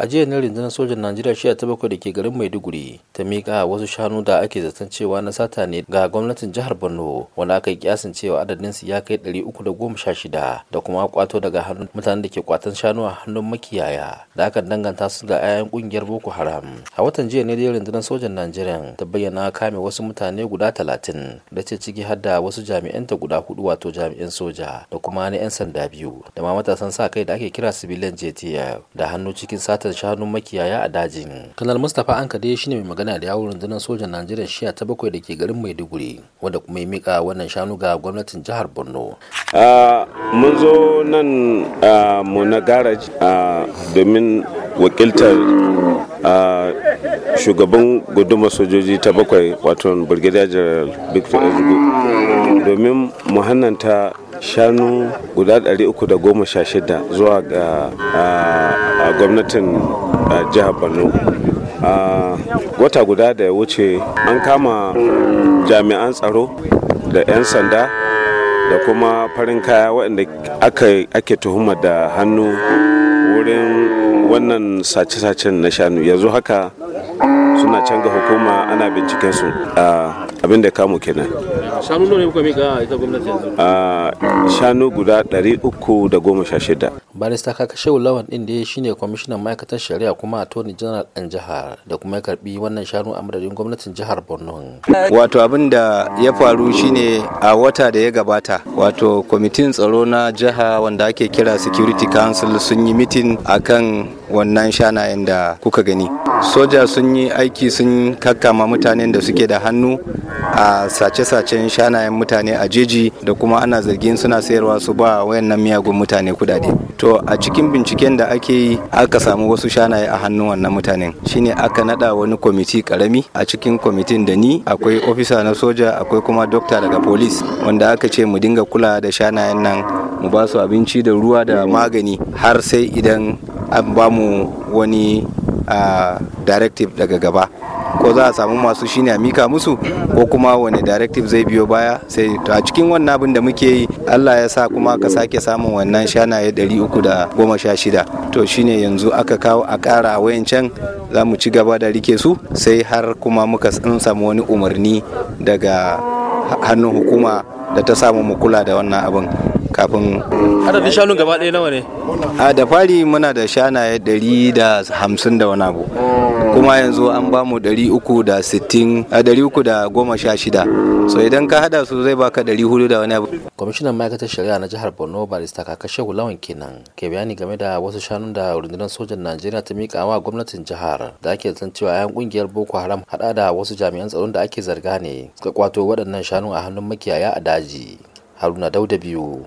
a jiya na rundunar sojan najeriya shiya ta bakwai da ke garin maiduguri ta miƙa wasu shanu da ake zaton cewa na sata ne ga gwamnatin jihar borno wanda aka yi kiyasin cewa adadin su ya kai ɗari uku da goma sha shida da kuma kwato daga hannun mutanen da ke kwatan shanu a hannun makiyaya da aka danganta su ga 'ya'yan ƙungiyar boko haram a watan jiya ne dai rundunar sojan najeriya ta bayyana kame wasu mutane guda talatin da ce ciki har da wasu jami'an ta guda hudu wato jami'an soja da kuma na 'yan sanda biyu da ma matasan sa kai da ake kira civilian jtf da hannu cikin satan satar shanun makiyaya a dajin kanal mustapha anka shine mai magana da yawon rundunar sojan najeriya shiya ta bakwai da ke garin maiduguri wanda kuma ya mika wannan shanu ga gwamnatin jihar borno mun zo nan mu na garaj domin wakiltar shugaban guduma sojoji ta bakwai wato brigadier general victor domin mu hannanta shanu guda 316 zuwa ga gwamnatin jihar borno a wata guda da ya wuce an kama jami'an tsaro da 'yan sanda da kuma farin kaya waɗanda ake tuhuma da hannu wurin wannan sace-sacen na shanu yanzu haka suna can ga hukuma ana binciken su abin da kamu kenan shanu ne kuka mika ita gwamnati yanzu shanu guda 316 barista kaka shehu lawan din da shine kwamishinan ma'aikatar shari'a kuma attorney general ɗan jihar da kuma ya karbi wannan shanu a madadin gwamnatin jihar borno wato abin da ya faru shine a wata da ya gabata wato kwamitin tsaro na jiha wanda ake kira security council sun yi mitin akan wannan shanayen da kuka gani soja sun yi aiki sun kakkama mutanen da suke da hannu a sace-sacen shanayen mutane a jeji da kuma ana zargin suna sayarwa su ba wayannan miyagun mutane kudade to a cikin binciken da ake yi aka samu wasu shanaye a hannun wannan mutanen shine aka nada wani kwamiti karami a cikin kwamitin da ni akwai ofisa na soja akwai kuma dokta daga polis wanda aka ce mu dinga kula da shanayen nan mu ba su abinci da ruwa da magani har sai idan an ba mu wani a directive daga gaba ko za a samu masu shine a mika musu ko kuma wani directive zai biyo baya sai to a cikin wannan abin da muke yi Allah ya sa kuma ka sake samun wannan shanaye 316 to shine yanzu aka kawo a ƙara wayancan za mu ci gaba da rike su sai har kuma muka samu wani umarni daga hannun hukuma da ta samu mu kula da wannan abin kafin adadin shanun gaba ɗaya nawa ne a da fari muna da shanaye ɗari da hamsin da wani abu kuma yanzu an ba mu ɗari uku da sittin a ɗari uku da goma sha shida so idan ka hada su zai baka ɗari hudu da wani abu kwamishinan ma'aikatar shari'a na jihar borno barista kakashe lawan kenan ke bayani game da wasu shanun da rundunar sojan najeriya ta miƙa wa gwamnatin jihar da ake san cewa yan kungiyar boko haram hada da wasu jami'an tsaron da ake zarga ne suka kwato waɗannan shanu a hannun makiyaya a daji haruna dauda biyu